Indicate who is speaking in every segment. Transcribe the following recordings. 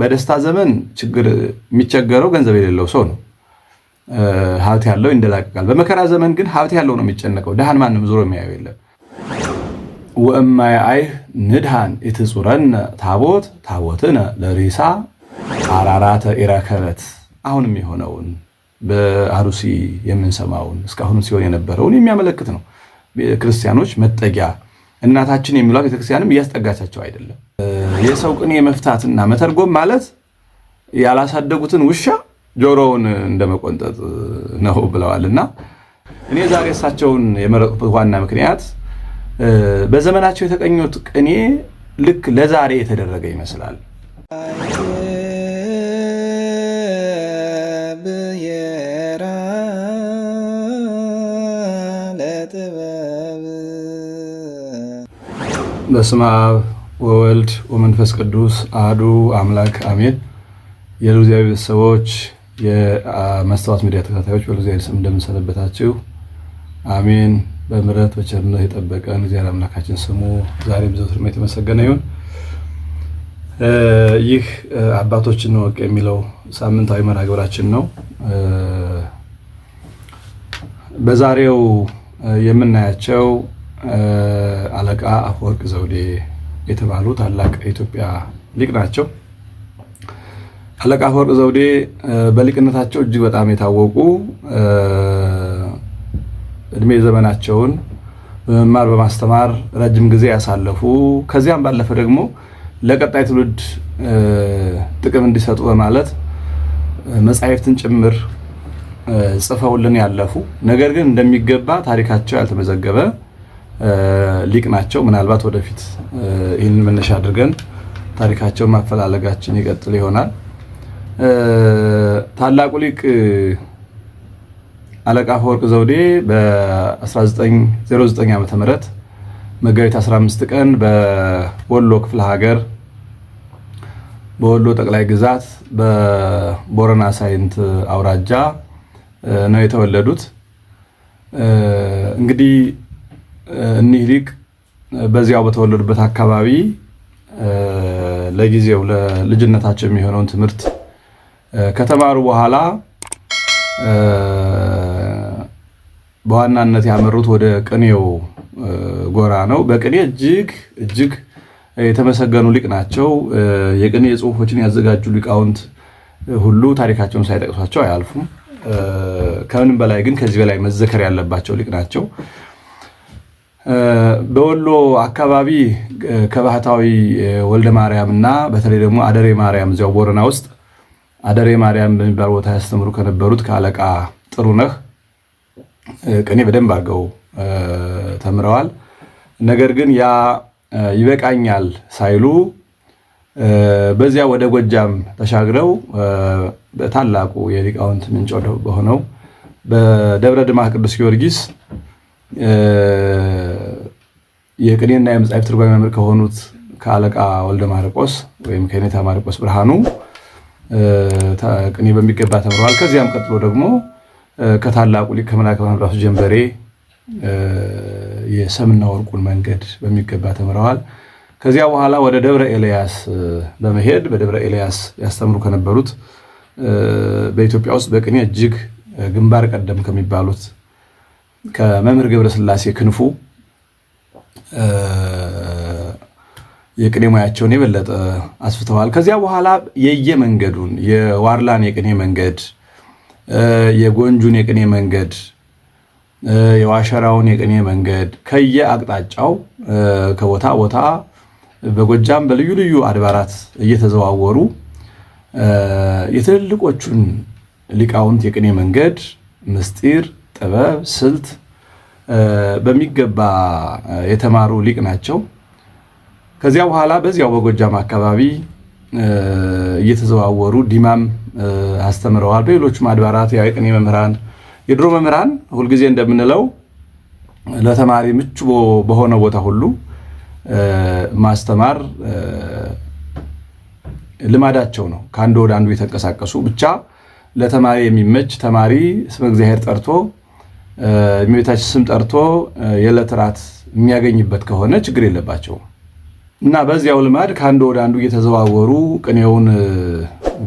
Speaker 1: በደስታ ዘመን ችግር የሚቸገረው ገንዘብ የሌለው ሰው ነው። ሀብት ያለው ይንደላቀቃል። በመከራ ዘመን ግን ሀብት ያለው ነው የሚጨነቀው። ድሃን ማንም ዞሮ የሚያየው የለም። ወእማየ አይህ ንድሃን ኢትጹረነ ታቦት ታቦትነ ለሪሳ አራራተ ኢረከበት። አሁንም የሆነውን በአሩሲ የምንሰማውን እስካሁን ሲሆን የነበረውን የሚያመለክት ነው። ክርስቲያኖች መጠጊያ እናታችን የሚሏት ቤተክርስቲያንም እያስጠጋቻቸው አይደለም። የሰው ቅኔ መፍታትና መተርጎም ማለት ያላሳደጉትን ውሻ ጆሮውን እንደመቆንጠጥ ነው ብለዋል እና እኔ ዛሬ እሳቸውን የመረጥኩበት ዋና ምክንያት በዘመናቸው የተቀኙት ቅኔ ልክ ለዛሬ የተደረገ ይመስላል። በስመ አብ ወወልድ ወመንፈስ ቅዱስ አሐዱ አምላክ አሜን። የልዑል ቤተሰቦች፣ የመስታወት ሚዲያ ተከታታዮች በልዑል ስም እንደምንሰነበታችሁ አሜን። በምሕረት በቸርነት የጠበቀን እግዚአብሔር አምላካችን ስሙ ዛሬም ዘወትርም የተመሰገነ ይሁን። ይህ አባቶችን እንወቅ የሚለው ሳምንታዊ መርሃ ግብራችን ነው። በዛሬው የምናያቸው አለቃ አፈወርቅ ዘውዴ የተባሉ ታላቅ የኢትዮጵያ ሊቅ ናቸው። አለቃ አፈወርቅ ዘውዴ በሊቅነታቸው እጅግ በጣም የታወቁ እድሜ ዘመናቸውን በመማር በማስተማር ረጅም ጊዜ ያሳለፉ ከዚያም ባለፈ ደግሞ ለቀጣይ ትውልድ ጥቅም እንዲሰጡ በማለት መጻሕፍትን ጭምር ጽፈውልን ያለፉ ነገር ግን እንደሚገባ ታሪካቸው ያልተመዘገበ ሊቅ ናቸው። ምናልባት ወደፊት ይህንን መነሻ አድርገን ታሪካቸውን ማፈላለጋችን ይቀጥል ይሆናል። ታላቁ ሊቅ አለቃ አፈወርቅ ዘውዴ በ1909 ዓ ም መጋቢት 15 ቀን በወሎ ክፍለ ሀገር በወሎ ጠቅላይ ግዛት በቦረና ሳይንት አውራጃ ነው የተወለዱት። እንግዲህ እኒህ ሊቅ በዚያው በተወለዱበት አካባቢ ለጊዜው ለልጅነታቸው የሚሆነውን ትምህርት ከተማሩ በኋላ በዋናነት ያመሩት ወደ ቅኔው ጎራ ነው። በቅኔ እጅግ እጅግ የተመሰገኑ ሊቅ ናቸው። የቅኔ ጽሁፎችን ያዘጋጁ ሊቃውንት ሁሉ ታሪካቸውን ሳይጠቅሷቸው አያልፉም። ከምንም በላይ ግን ከዚህ በላይ መዘከር ያለባቸው ሊቅ ናቸው። በወሎ አካባቢ ከባህታዊ ወልደ ማርያም እና በተለይ ደግሞ አደሬ ማርያም እዚያው ቦረና ውስጥ አደሬ ማርያም በሚባል ቦታ ያስተምሩ ከነበሩት ከአለቃ ጥሩነህ ቅኔ በደንብ አድርገው ተምረዋል። ነገር ግን ያ ይበቃኛል ሳይሉ በዚያ ወደ ጎጃም ተሻግረው በታላቁ የሊቃውንት ምንጭ በሆነው በደብረ ድማህ ቅዱስ ጊዮርጊስ የቅኔና የመጽሐፍ ትርጓሜ መምህር ከሆኑት ከአለቃ ወልደ ማርቆስ ወይም ከኔታ ማርቆስ ብርሃኑ ቅኔ በሚገባ ተምረዋል። ከዚያም ቀጥሎ ደግሞ ከታላቁ ሊቅ ከመልአከ ብርሃን ራሱ ጀንበሬ የሰምና ወርቁን መንገድ በሚገባ ተምረዋል። ከዚያ በኋላ ወደ ደብረ ኤልያስ በመሄድ በደብረ ኤልያስ ያስተምሩ ከነበሩት በኢትዮጵያ ውስጥ በቅኔ እጅግ ግንባር ቀደም ከሚባሉት ከመምህር ገብረስላሴ ክንፉ የቅኔ ሙያቸውን የበለጠ አስፍተዋል። ከዚያ በኋላ የየመንገዱን የዋርላን የቅኔ መንገድ፣ የጎንጁን የቅኔ መንገድ፣ የዋሸራውን የቅኔ መንገድ ከየአቅጣጫው ከቦታ ቦታ በጎጃም በልዩ ልዩ አድባራት እየተዘዋወሩ የትልልቆቹን ሊቃውንት የቅኔ መንገድ ምስጢር ጥበብ፣ ስልት በሚገባ የተማሩ ሊቅ ናቸው። ከዚያ በኋላ በዚያው በጎጃም አካባቢ እየተዘዋወሩ ዲማም አስተምረዋል። በሌሎችም አድባራት የቅኔ መምህራን፣ የድሮ መምህራን ሁልጊዜ እንደምንለው ለተማሪ ምቹ በሆነ ቦታ ሁሉ ማስተማር ልማዳቸው ነው። ከአንዱ ወደ አንዱ የተንቀሳቀሱ ብቻ ለተማሪ የሚመች ተማሪ ስመ እግዚአብሔር ጠርቶ እመቤታችን ስም ጠርቶ የዕለት እራት የሚያገኝበት ከሆነ ችግር የለባቸው እና በዚያው ልማድ ከአንዱ ወደ አንዱ እየተዘዋወሩ ቅኔውን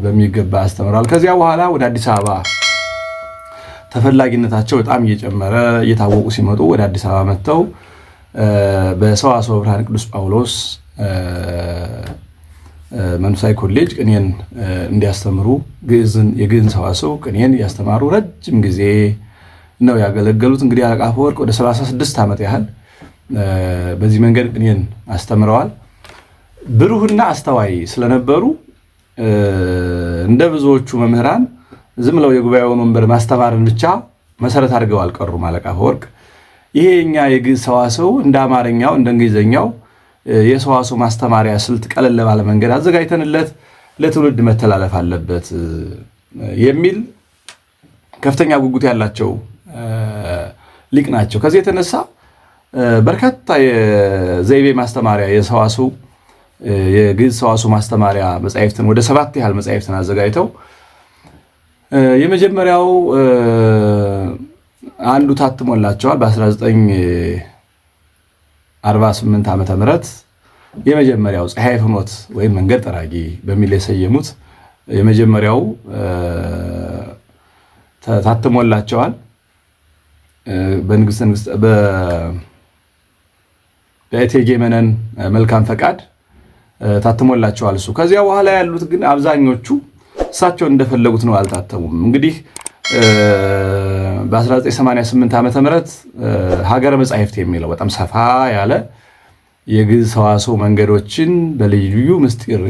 Speaker 1: በሚገባ አስተምረዋል። ከዚያ በኋላ ወደ አዲስ አበባ ተፈላጊነታቸው በጣም እየጨመረ እየታወቁ ሲመጡ ወደ አዲስ አበባ መጥተው በሰዋስወ ብርሃን ቅዱስ ጳውሎስ መንፈሳዊ ኮሌጅ ቅኔን እንዲያስተምሩ የግዕዝን ሰዋስው ቅኔን እያስተማሩ ረጅም ጊዜ ነው ያገለገሉት። እንግዲህ አለቃ አፈወርቅ ወደ 36 ዓመት ያህል በዚህ መንገድ እኔን አስተምረዋል። ብሩህና አስተዋይ ስለነበሩ እንደ ብዙዎቹ መምህራን ዝም ብለው የጉባኤውን ወንበር ማስተማርን ብቻ መሰረት አድርገው አልቀሩም። አለቃ አፈወርቅ ይሄ እኛ የግዕዝ ሰዋሰው እንደ አማርኛው እንደ እንግሊዝኛው የሰዋሰው ማስተማሪያ ስልት ቀለል ባለ መንገድ አዘጋጅተንለት ለትውልድ መተላለፍ አለበት የሚል ከፍተኛ ጉጉት ያላቸው ሊቅ ናቸው። ከዚህ የተነሳ በርካታ የዘይቤ ማስተማሪያ የሰዋሱ የግዕዝ ሰዋሱ ማስተማሪያ መጽሐፍትን ወደ ሰባት ያህል መጽሐፍትን አዘጋጅተው የመጀመሪያው አንዱ ታትሞላቸዋል በ1948 ዓ ምህረት የመጀመሪያው ፀሐይ ፍኖት ወይም መንገድ ጠራጊ በሚል የሰየሙት የመጀመሪያው ታትሞላቸዋል። በንግስት በእቴጌ መነን መልካም ፈቃድ ታትሞላቸዋል። እሱ ከዚያ በኋላ ያሉት ግን አብዛኞቹ እሳቸውን እንደፈለጉት ነው፣ አልታተሙም። እንግዲህ በ1988 ዓመተ ምህረት ሀገረ መጻሕፍት የሚለው በጣም ሰፋ ያለ የግዕዝ ሰዋስው መንገዶችን በልዩ ምስጢር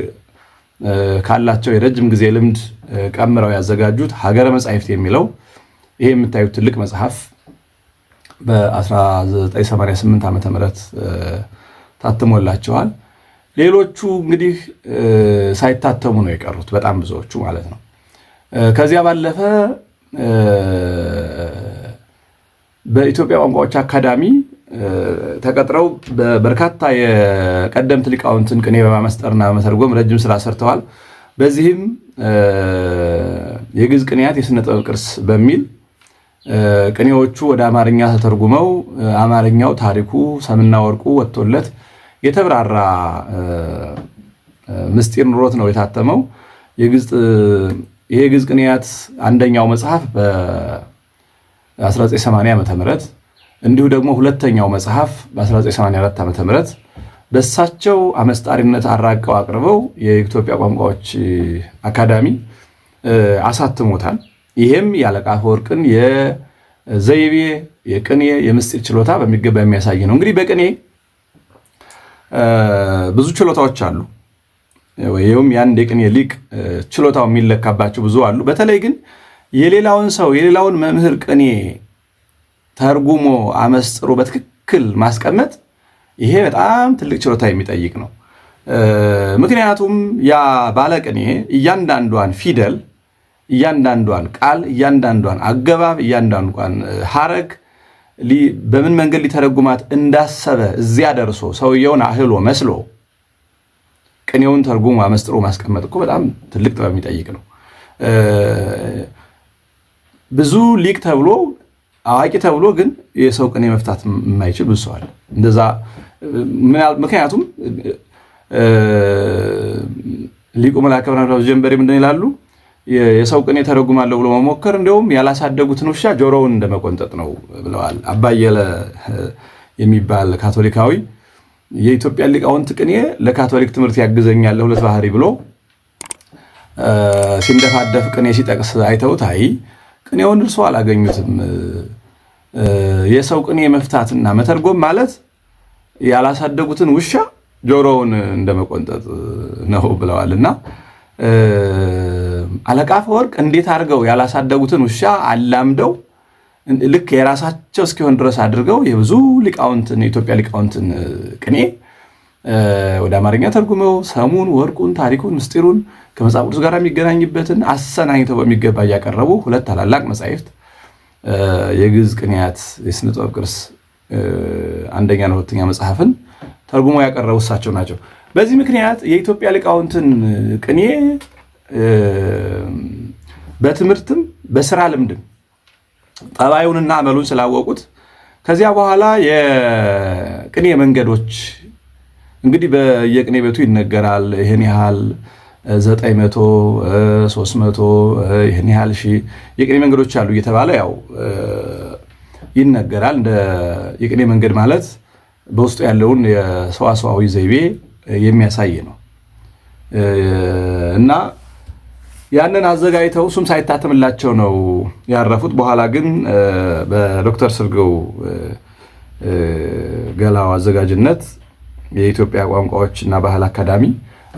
Speaker 1: ካላቸው የረጅም ጊዜ ልምድ ቀምረው ያዘጋጁት ሀገረ መጻሕፍት የሚለው ይሄ የምታዩት ትልቅ መጽሐፍ በ1988 ዓ ምህረት ታትሞላቸዋል። ሌሎቹ እንግዲህ ሳይታተሙ ነው የቀሩት፣ በጣም ብዙዎቹ ማለት ነው። ከዚያ ባለፈ በኢትዮጵያ ቋንቋዎች አካዳሚ ተቀጥረው በርካታ የቀደምት ሊቃውንትን ቅኔ በማመስጠርና በመተርጎም ረጅም ስራ ሰርተዋል። በዚህም የግዕዝ ቅኔያት የስነ ጥበብ ቅርስ በሚል ቅኔዎቹ ወደ አማርኛ ተተርጉመው አማርኛው ታሪኩ ሰምና ወርቁ ወጥቶለት የተብራራ ምስጢር ኑሮት ነው የታተመው። ይሄ ግዕዝ ቅኔያት አንደኛው መጽሐፍ በ1980 ዓ ም እንዲሁ ደግሞ ሁለተኛው መጽሐፍ በ1984 ዓ ም በእሳቸው አመስጣሪነት አራቀው አቅርበው የኢትዮጵያ ቋንቋዎች አካዳሚ አሳትሞታል። ይህም የአለቃ አፈወርቅን የዘይቤ የቅኔ የምስጢር ችሎታ በሚገባ የሚያሳይ ነው። እንግዲህ በቅኔ ብዙ ችሎታዎች አሉ። ይኸውም የአንድ የቅኔ ሊቅ ችሎታው የሚለካባቸው ብዙ አሉ። በተለይ ግን የሌላውን ሰው የሌላውን መምህር ቅኔ ተርጉሞ አመስጥሮ በትክክል ማስቀመጥ ይሄ በጣም ትልቅ ችሎታ የሚጠይቅ ነው። ምክንያቱም ያ ባለቅኔ እያንዳንዷን ፊደል እያንዳንዷን ቃል እያንዳንዷን አገባብ እያንዳንዷን ሀረግ በምን መንገድ ሊተረጉማት እንዳሰበ እዚያ ደርሶ ሰውየውን አህሎ መስሎ ቅኔውን ተርጉሞ አመስጥሮ ማስቀመጥ እኮ በጣም ትልቅ ጥበብ የሚጠይቅ ነው። ብዙ ሊቅ ተብሎ አዋቂ ተብሎ ግን የሰው ቅኔ መፍታት የማይችል ብዙ እንደዛ ምክንያቱም ሊቁ መልአከ ብርሃን ጀንበሬ ምንድን ይላሉ? የሰው ቅኔ ተረጉማለሁ ብሎ መሞከር እንዲሁም ያላሳደጉትን ውሻ ጆሮውን እንደመቆንጠጥ ነው ብለዋል። አባየለ የሚባል ካቶሊካዊ የኢትዮጵያ ሊቃውንት ቅኔ ለካቶሊክ ትምህርት ያግዘኛል ለሁለት ባህሪ ብሎ ሲንደፋደፍ ቅኔ ሲጠቅስ አይተውት፣ አይ ቅኔውን እርሶ አላገኙትም። የሰው ቅኔ መፍታትና መተርጎም ማለት ያላሳደጉትን ውሻ ጆሮውን እንደመቆንጠጥ ነው እና አለቃ ፈወርቅ እንዴት አድርገው ያላሳደጉትን ውሻ አላምደው ልክ የራሳቸው እስኪሆን ድረስ አድርገው የብዙ ሊቃውንትን የኢትዮጵያ ሊቃውንትን ቅኔ ወደ አማርኛ ተርጉመው ሰሙን፣ ወርቁን፣ ታሪኩን፣ ምስጢሩን ከመጽሐፍ ቅዱስ ጋር የሚገናኝበትን አሰናኝተው በሚገባ እያቀረቡ ሁለት ታላላቅ መጻሕፍት የግዕዝ ቅኔያት የስነ ጥበብ ቅርስ አንደኛና ሁለተኛ መጽሐፍን ተርጉሞ ያቀረቡ እሳቸው ናቸው። በዚህ ምክንያት የኢትዮጵያ ሊቃውንትን ቅኔ በትምህርትም በስራ ልምድም ጠባዩንና አመሉን ስላወቁት ከዚያ በኋላ የቅኔ መንገዶች እንግዲህ በየቅኔ ቤቱ ይነገራል። ይህን ያህል ዘጠኝ መቶ ሶስት መቶ ይህን ያህል ሺ የቅኔ መንገዶች አሉ እየተባለ ያው ይነገራል። እንደ የቅኔ መንገድ ማለት በውስጡ ያለውን የሰዋሰዋዊ ዘይቤ የሚያሳይ ነው እና ያንን አዘጋጅተው እሱም ሳይታተምላቸው ነው ያረፉት። በኋላ ግን በዶክተር ስርገው ገላው አዘጋጅነት የኢትዮጵያ ቋንቋዎች እና ባህል አካዳሚ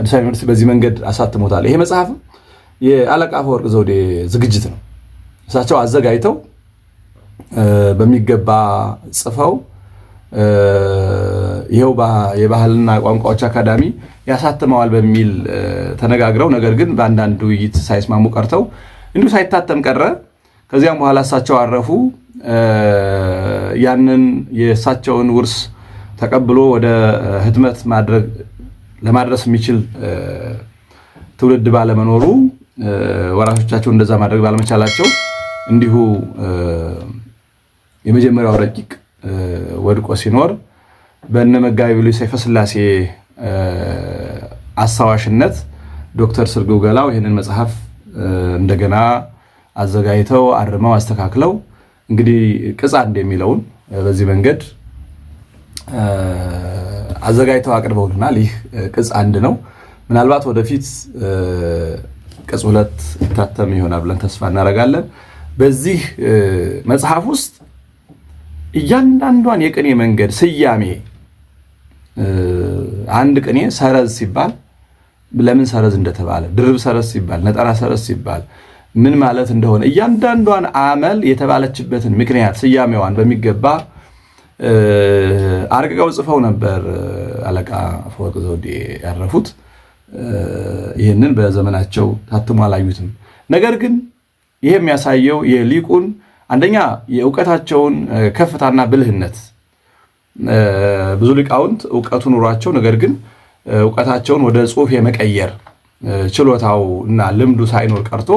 Speaker 1: አዲስ አበባ ዩኒቨርሲቲ በዚህ መንገድ አሳትሞታል። ይሄ መጽሐፍ የአለቃ ፈወርቅ ዘውዴ ዝግጅት ነው። እሳቸው አዘጋጅተው በሚገባ ጽፈው ይኸው የባህልና ቋንቋዎች አካዳሚ ያሳትመዋል በሚል ተነጋግረው፣ ነገር ግን በአንዳንድ ውይይት ሳይስማሙ ቀርተው እንዲሁ ሳይታተም ቀረ። ከዚያም በኋላ እሳቸው አረፉ። ያንን የእሳቸውን ውርስ ተቀብሎ ወደ ህትመት ለማድረስ የሚችል ትውልድ ባለመኖሩ ወራሾቻቸው እንደዛ ማድረግ ባለመቻላቸው እንዲሁ የመጀመሪያው ረቂቅ ወድቆ ሲኖር በእነ መጋቢ ብሉይ ሰይፈ ስላሴ አስታዋሽነት ዶክተር ስርግው ገላው ይህንን መጽሐፍ እንደገና አዘጋጅተው አርመው አስተካክለው እንግዲህ ቅጽ አንድ የሚለውን በዚህ መንገድ አዘጋጅተው አቅርበውልናል። ይህ ቅጽ አንድ ነው። ምናልባት ወደፊት ቅጽ ሁለት ይታተም ይሆናል ብለን ተስፋ እናደርጋለን። በዚህ መጽሐፍ ውስጥ እያንዳንዷን የቅኔ መንገድ ስያሜ አንድ ቅኔ ሰረዝ ሲባል ለምን ሰረዝ እንደተባለ ድርብ ሰረዝ ሲባል ነጠላ ሰረዝ ሲባል ምን ማለት እንደሆነ እያንዳንዷን አመል የተባለችበትን ምክንያት ስያሜዋን በሚገባ አርቅቀው ጽፈው ነበር አለቃ አፈወርቅ ዘውዴ ያረፉት። ይህንን በዘመናቸው ታትሞ አላዩትም። ነገር ግን ይህ የሚያሳየው የሊቁን አንደኛ የእውቀታቸውን ከፍታና ብልህነት ብዙ ሊቃውንት እውቀቱ ኑሯቸው ነገር ግን እውቀታቸውን ወደ ጽሁፍ የመቀየር ችሎታው እና ልምዱ ሳይኖር ቀርቶ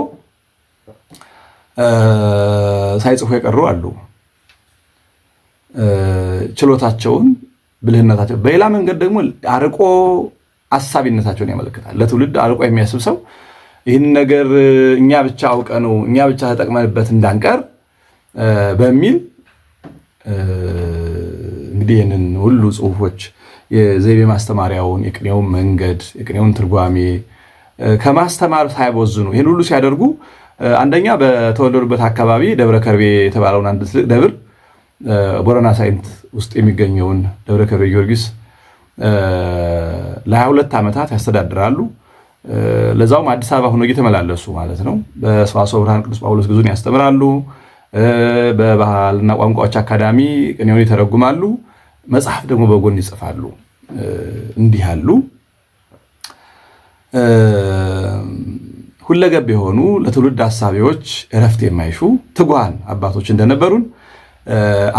Speaker 1: ሳይጽፉ የቀሩ አሉ። ችሎታቸውን ብልህነታቸው፣ በሌላ መንገድ ደግሞ አርቆ አሳቢነታቸውን ያመለክታል። ለትውልድ አርቆ የሚያስብ ሰው ይህን ነገር እኛ ብቻ አውቀ ነው እኛ ብቻ ተጠቅመንበት እንዳንቀር በሚል እንግዲህ ይህንን ሁሉ ጽሁፎች የዘይቤ ማስተማሪያውን የቅኔውን መንገድ የቅኔውን ትርጓሜ ከማስተማር ሳይቦዝኑ ይህን ሁሉ ሲያደርጉ አንደኛ በተወለዱበት አካባቢ ደብረ ከርቤ የተባለውን አንድ ትልቅ ደብር ቦረና ሳይንት ውስጥ የሚገኘውን ደብረ ከርቤ ጊዮርጊስ ለሀያ ሁለት ዓመታት ያስተዳድራሉ። ለዛውም አዲስ አበባ ሆኖ እየተመላለሱ ማለት ነው። በሰዋስወ ብርሃን ቅዱስ ጳውሎስ ግዙን ያስተምራሉ። በባህልና ቋንቋዎች አካዳሚ ቅኔውን ይተረጉማሉ። መጽሐፍ ደግሞ በጎን ይጽፋሉ። እንዲህ ያሉ ሁለገብ የሆኑ ለትውልድ አሳቢዎች እረፍት የማይሹ ትጉሃን አባቶች እንደነበሩን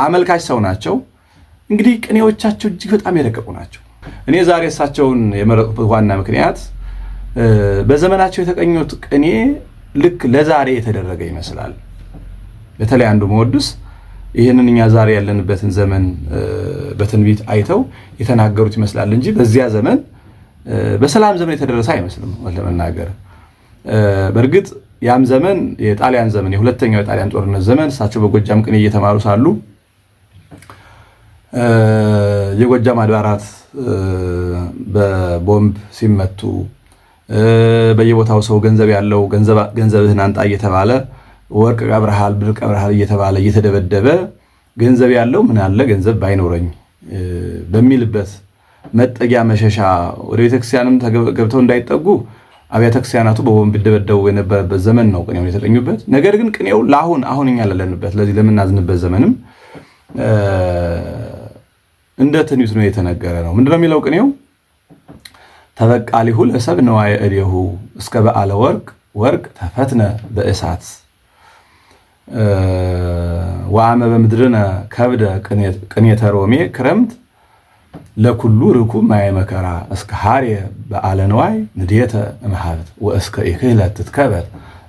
Speaker 1: አመልካች ሰው ናቸው። እንግዲህ ቅኔዎቻቸው እጅግ በጣም የረቀቁ ናቸው። እኔ ዛሬ እሳቸውን የመረጡበት ዋና ምክንያት በዘመናቸው የተቀኙት ቅኔ ልክ ለዛሬ የተደረገ ይመስላል። በተለይ አንዱ መወዱስ ይህንን እኛ ዛሬ ያለንበትን ዘመን በትንቢት አይተው የተናገሩት ይመስላል እንጂ በዚያ ዘመን በሰላም ዘመን የተደረሰ አይመስልም ለመናገር። በእርግጥ ያም ዘመን የጣሊያን ዘመን የሁለተኛው የጣሊያን ጦርነት ዘመን እሳቸው በጎጃም ቅኔ እየተማሩ ሳሉ የጎጃም አድባራት በቦምብ ሲመቱ በየቦታው ሰው ገንዘብ ያለው ገንዘብህን አንጣ እየተባለ ወርቅ ቀብረሃል፣ ብር ቀብረሃል እየተባለ እየተደበደበ ገንዘብ ያለው ምን አለ ገንዘብ ባይኖረኝ በሚልበት መጠጊያ መሸሻ ወደ ቤተክርስቲያንም ገብተው እንዳይጠጉ አብያተ ክርስቲያናቱ በቦምብ ይደበደቡ የነበረበት ዘመን ነው ቅኔውን የተቀኙበት። ነገር ግን ቅኔው ለአሁን አሁን እኛ ላለንበት ለዚህ ለምናዝንበት ዘመንም እንደ ትንቢት ነው የተነገረ ነው። ምንድነው የሚለው ቅኔው? ተበቃሊሁ ለሰብ ነዋየ እዴሁ እስከ በዓለ ወርቅ ወርቅ ተፈትነ በእሳት ዋመ በምድርነ ከብደ ቅኔተ ሮሜ ክረምት ለኩሉ ርኩ ማየ መከራ እስከ ሃሬ በዓለ ንዋይ ንዴተ እምሃበት ወእስከ ኢክህለት ትትከበት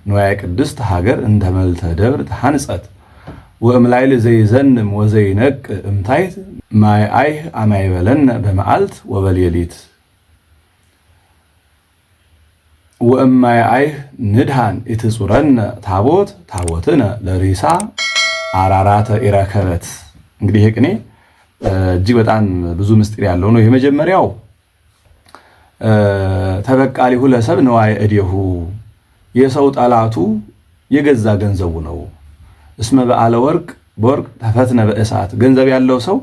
Speaker 1: ንዋይ ቅድስት ሃገር እንተመልተ ደብር ተሐንጸት ወእምላይል ዘይዘንም ወዘይነቅ እምታይት ማይ አይህ አማይበለነ በመዓልት ወበሌሊት አይህ ንድሃን ኢትጹረነ ታቦት ታቦትነ ለሪሳ አራራተ ኢረከበት። እንግዲህ ይህ ቅኔ እጅግ በጣም ብዙ ምስጢር ያለው ነው። የመጀመሪያው ተበቃሊሁ ለሰብ ነዋይ እዴሁ የሰው ጠላቱ የገዛ ገንዘቡ ነው። እስመ በዓለ ወርቅ በወርቅ ተፈትነ በእሳት ገንዘብ ያለው ሰው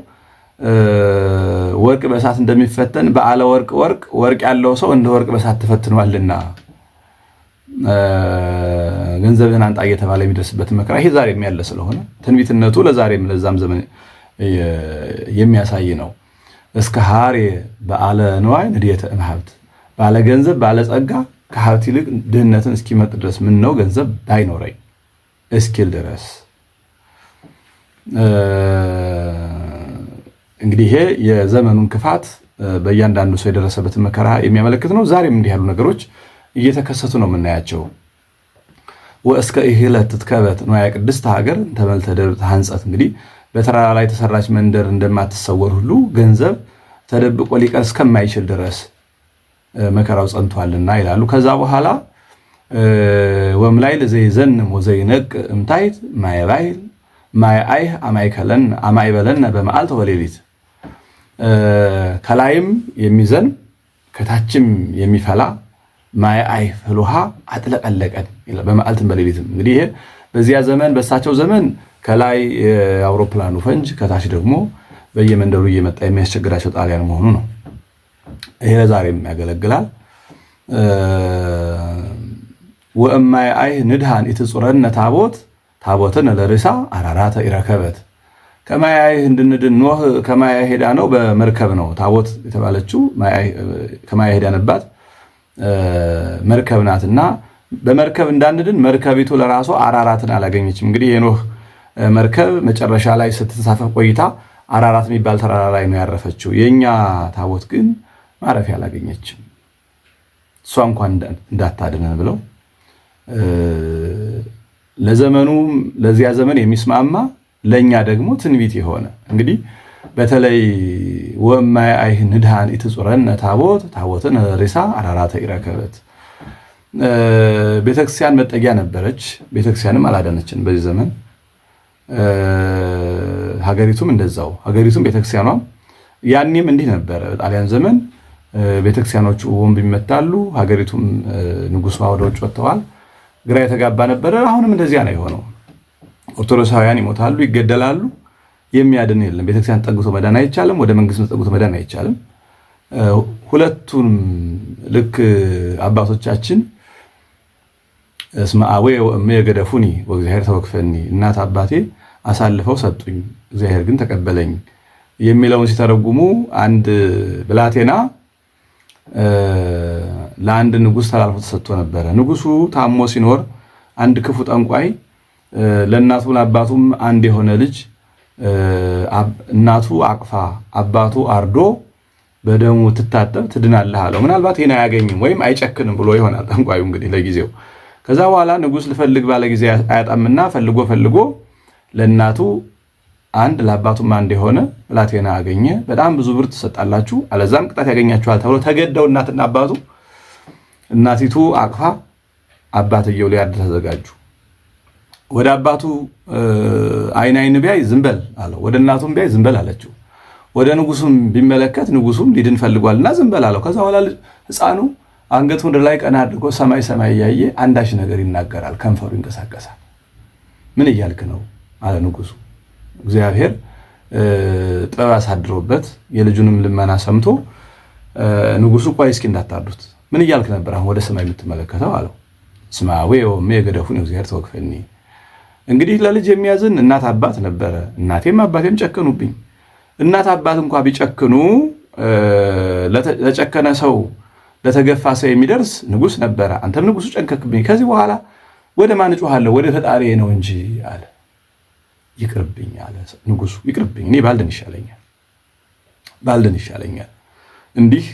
Speaker 1: ወርቅ በእሳት እንደሚፈተን በዓለ ወርቅ ወርቅ ወርቅ ያለው ሰው እንደ ወርቅ በእሳት ተፈትኗልና ገንዘብህን አንጣ እየተባለ የሚደርስበት መከራ ይሄ ዛሬም ያለ ስለሆነ ትንቢትነቱ ለዛሬም ለዛም ዘመን የሚያሳይ ነው። እስከ ሀሬ በአለ ነዋይ ንድየተ እምሀብት ባለ ገንዘብ ባለ ጸጋ ከሀብት ይልቅ ድህነትን እስኪመጥ ድረስ ምን ነው ገንዘብ ባይኖረኝ እስኪል ድረስ እንግዲህ ይሄ የዘመኑን ክፋት በእያንዳንዱ ሰው የደረሰበትን መከራ የሚያመለክት ነው። ዛሬም እንዲህ ያሉ ነገሮች እየተከሰቱ ነው የምናያቸው። ወእስከ ይህለት ትትከበት ንዋየ ቅድስት ሀገር ተመልተ ደብብ ሐንጸት። እንግዲህ በተራራ ላይ የተሰራች መንደር እንደማትሰወር ሁሉ ገንዘብ ተደብቆ ሊቀር እስከማይችል ድረስ መከራው ጸንቷልና ይላሉ። ከዛ በኋላ ወም ላይ ወምላይል ዘይዘንም ነቅ እምታይት ማይባይል አይህ አማይከለን አማይ በለን በመዓልት ወሌሊት ከላይም የሚዘን ከታችም የሚፈላ ማይ አይ ውሃ አጥለቀለቀን በመዓልትም በሌሊትም። እንግዲህ ይሄ በዚያ ዘመን በእሳቸው ዘመን ከላይ የአውሮፕላኑ ፈንጅ ከታች ደግሞ በየመንደሩ እየመጣ የሚያስቸግራቸው ጣሊያን መሆኑ ነው። ይሄ ለዛሬም ያገለግላል። ወእማይ አይ ንድሃን ኢትጹረነ ታቦት ታቦትን ለርሳ አራራተ ይረከበት ከማያይ እንድንድን ኖህ ከማያ ሄዳ ነው በመርከብ ነው ታቦት የተባለችው ከማያ ሄዳንባት መርከብ ናት እና በመርከብ እንዳንድን መርከቢቱ ለራሱ አራራትን አላገኘችም። እንግዲህ የኖህ መርከብ መጨረሻ ላይ ስትንሳፈፍ ቆይታ አራራት የሚባል ተራራ ላይ ነው ያረፈችው። የእኛ ታቦት ግን ማረፊያ አላገኘችም። እሷ እንኳን እንዳታድነን ብለው ለዘመኑ ለዚያ ዘመን የሚስማማ ለእኛ ደግሞ ትንቢት የሆነ እንግዲህ በተለይ ወማይ አይህ ንድሃን ኢትጹረነ ታቦት ታቦትን ሪሳ አራራተ ኢረከበት ቤተክርስቲያን መጠጊያ ነበረች። ቤተክርስቲያንም አላዳነችን በዚህ ዘመን ሀገሪቱም እንደዛው ሀገሪቱም ቤተክርስቲያኗም ያኔም እንዲህ ነበረ። በጣሊያን ዘመን ቤተክርስቲያኖቹ ወንብ ይመታሉ፣ ሀገሪቱም ንጉሷ ወደ ውጭ ወጥተዋል። ግራ የተጋባ ነበረ። አሁንም እንደዚያ ነው የሆነው። ኦርቶዶክሳውያን ይሞታሉ፣ ይገደላሉ። የሚያድን የለም። ቤተክርስቲያን ተጠግቶ መዳን አይቻልም። ወደ መንግስት ተጠግቶ መዳን አይቻልም። ሁለቱም ልክ አባቶቻችን እስመ አቡየ ወእመየ ገደፉኒ ወእግዚአብሔር ተወክፈኒ፣ እናት አባቴ አሳልፈው ሰጡኝ፣ እግዚአብሔር ግን ተቀበለኝ የሚለውን ሲተረጉሙ አንድ ብላቴና ለአንድ ንጉስ ተላልፎ ተሰጥቶ ነበረ። ንጉሱ ታሞ ሲኖር አንድ ክፉ ጠንቋይ ለእናቱም ለአባቱም አንድ የሆነ ልጅ እናቱ አቅፋ አባቱ አርዶ በደሙ ትታጠብ ትድናለህ አለው። ምናልባት ይህን አያገኝም ወይም አይጨክንም ብሎ ይሆናል ጠንቋዩ እንግዲህ ለጊዜው። ከዛ በኋላ ንጉሥ ልፈልግ ባለ ጊዜ አያጣምና ፈልጎ ፈልጎ ለእናቱ አንድ ለአባቱም አንድ የሆነ ብላቴና አገኘ። በጣም ብዙ ብር ትሰጣላችሁ፣ አለዛም ቅጣት ያገኛችኋል ተብሎ ተገደው እናትና አባቱ እናቲቱ አቅፋ አባትየው ሊያድር ተዘጋጁ። ወደ አባቱ አይን አይን ቢያይ ዝምበል አለው። ወደ እናቱም ቢያይ ዝምበል አለችው። ወደ ንጉሱም ቢመለከት ንጉሱም ሊድን ፈልጓልና ዝምበል አለው። ከዛ በኋላ ህፃኑ አንገት ወደ ላይ ቀና አድርጎ ሰማይ ሰማይ እያየ አንዳች ነገር ይናገራል፣ ከንፈሩ ይንቀሳቀሳል። ምን እያልክ ነው አለ ንጉሱ። እግዚአብሔር ጥበብ አሳድሮበት የልጁንም ልመና ሰምቶ ንጉሱ ቆይ እስኪ እንዳታርዱት፣ ምን እያልክ ነበር? አሁን ወደ ሰማይ የምትመለከተው አለው። ስማዌ ወሜ የገደፉን እግዚአብሔር ተወክፈኒ እንግዲህ ለልጅ የሚያዝን እናት አባት ነበረ። እናቴም አባቴም ጨከኑብኝ እናት አባት እንኳ ቢጨክኑ ለጨከነ ሰው ለተገፋ ሰው የሚደርስ ንጉስ ነበረ። አንተም ንጉሱ ጨንከክብኝ፣ ከዚህ በኋላ ወደ ማን እጮኻለሁ? ወደ ፈጣሪ ነው እንጂ አለ። ይቅርብኝ አለ ንጉሱ፣ ይቅርብኝ፣ እኔ ባልድን ይሻለኛል፣ ባልድን ይሻለኛል። እንዲህ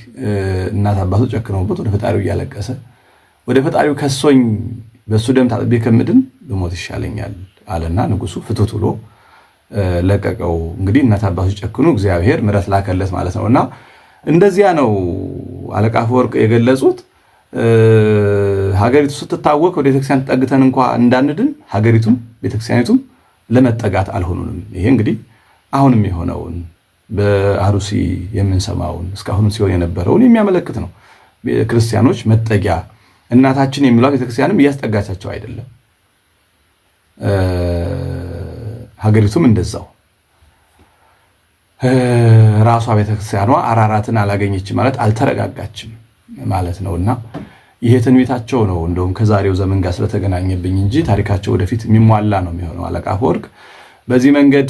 Speaker 1: እናት አባቱ ጨክነውበት ወደ ፈጣሪው እያለቀሰ ወደ ፈጣሪው ከሶኝ በእሱ ደም ታጥቤ ከምድን ብሞት ይሻለኛል አለና ንጉሱ ፍቱት ብሎ ለቀቀው። እንግዲህ እናት አባቱ ሲጨክኑ እግዚአብሔር ምረት ላከለት ማለት ነው እና እንደዚያ ነው አለቃ ወርቅ የገለጹት። ሀገሪቱ ስትታወቅ ወደ ቤተክርስቲያን ጠግተን እንኳ እንዳንድን ሀገሪቱም ቤተክርስቲያኒቱም ለመጠጋት አልሆኑንም። ይሄ እንግዲህ አሁንም የሆነውን በአሩሲ የምንሰማውን እስካሁንም ሲሆን የነበረውን የሚያመለክት ነው። ክርስቲያኖች መጠጊያ እናታችን የሚሏት ቤተክርስቲያንም እያስጠጋቻቸው አይደለም። ሀገሪቱም እንደዛው ራሷ ቤተክርስቲያኗ አራራትን አላገኘች ማለት አልተረጋጋችም ማለት ነው እና ይሄ ትንቢታቸው ነው። እንደውም ከዛሬው ዘመን ጋር ስለተገናኘብኝ እንጂ ታሪካቸው ወደፊት የሚሟላ ነው የሚሆነው። አለቃ አፈወርቅ በዚህ መንገድ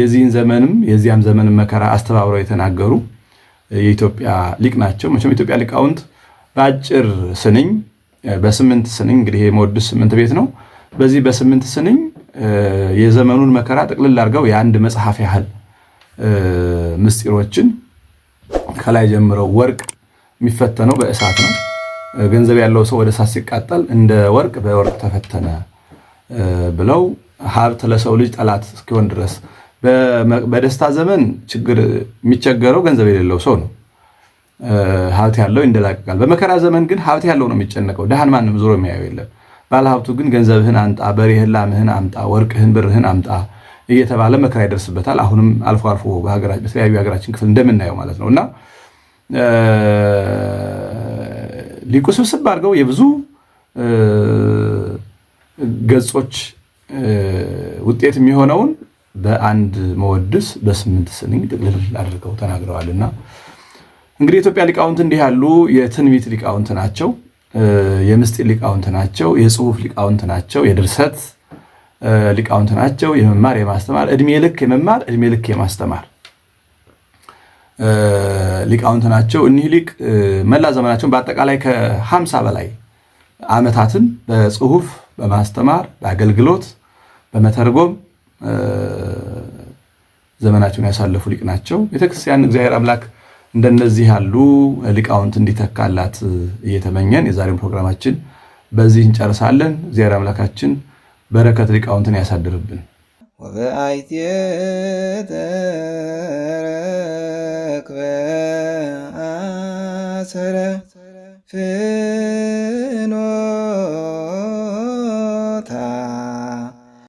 Speaker 1: የዚህን ዘመንም የዚያም ዘመን መከራ አስተባብረው የተናገሩ የኢትዮጵያ ሊቅ ናቸው። መቼም ኢትዮጵያ ሊቃውንት በአጭር ስንኝ በስምንት ስንኝ እንግዲህ የመወድስ ስምንት ቤት ነው በዚህ በስምንት ስንኝ የዘመኑን መከራ ጥቅልል አድርገው የአንድ መጽሐፍ ያህል ምስጢሮችን ከላይ ጀምረው ወርቅ የሚፈተነው በእሳት ነው። ገንዘብ ያለው ሰው ወደ እሳት ሲቃጠል እንደ ወርቅ በወርቅ ተፈተነ ብለው ሀብት ለሰው ልጅ ጠላት እስኪሆን ድረስ በደስታ ዘመን ችግር የሚቸገረው ገንዘብ የሌለው ሰው ነው። ሀብት ያለው ይንደላቀቃል። በመከራ ዘመን ግን ሀብት ያለው ነው የሚጨነቀው። ድሃን ማንም ዞሮ የሚያየው የለም። ባለሀብቱ ግን ገንዘብህን አምጣ፣ በሬህን፣ ላምህን አምጣ፣ ወርቅህን፣ ብርህን አምጣ እየተባለ መከራ ይደርስበታል። አሁንም አልፎ አልፎ በተለያዩ ሀገራችን ክፍል እንደምናየው ማለት ነው እና ሊቁ ስብስብ አድርገው የብዙ ገጾች ውጤት የሚሆነውን በአንድ መወድስ በስምንት ስንኝ ጥቅልል አድርገው ተናግረዋልና እንግዲህ የኢትዮጵያ ሊቃውንት እንዲህ ያሉ የትንቢት ሊቃውንት ናቸው። የምስጢር ሊቃውንት ናቸው፣ የጽሁፍ ሊቃውንት ናቸው፣ የድርሰት ሊቃውንት ናቸው። የመማር የማስተማር እድሜ ልክ የመማር እድሜ ልክ የማስተማር ሊቃውንት ናቸው። እኒህ ሊቅ መላ ዘመናቸውን በአጠቃላይ ከሀምሳ በላይ ዓመታትን በጽሁፍ በማስተማር በአገልግሎት በመተርጎም ዘመናቸውን ያሳለፉ ሊቅ ናቸው። ቤተክርስቲያን እግዚአብሔር አምላክ እንደነዚህ ያሉ ሊቃውንት እንዲተካላት እየተመኘን የዛሬውን ፕሮግራማችን በዚህ እንጨርሳለን። እግዚአብሔር አምላካችን በረከት ሊቃውንትን ያሳድርብን። ወበአይቴተ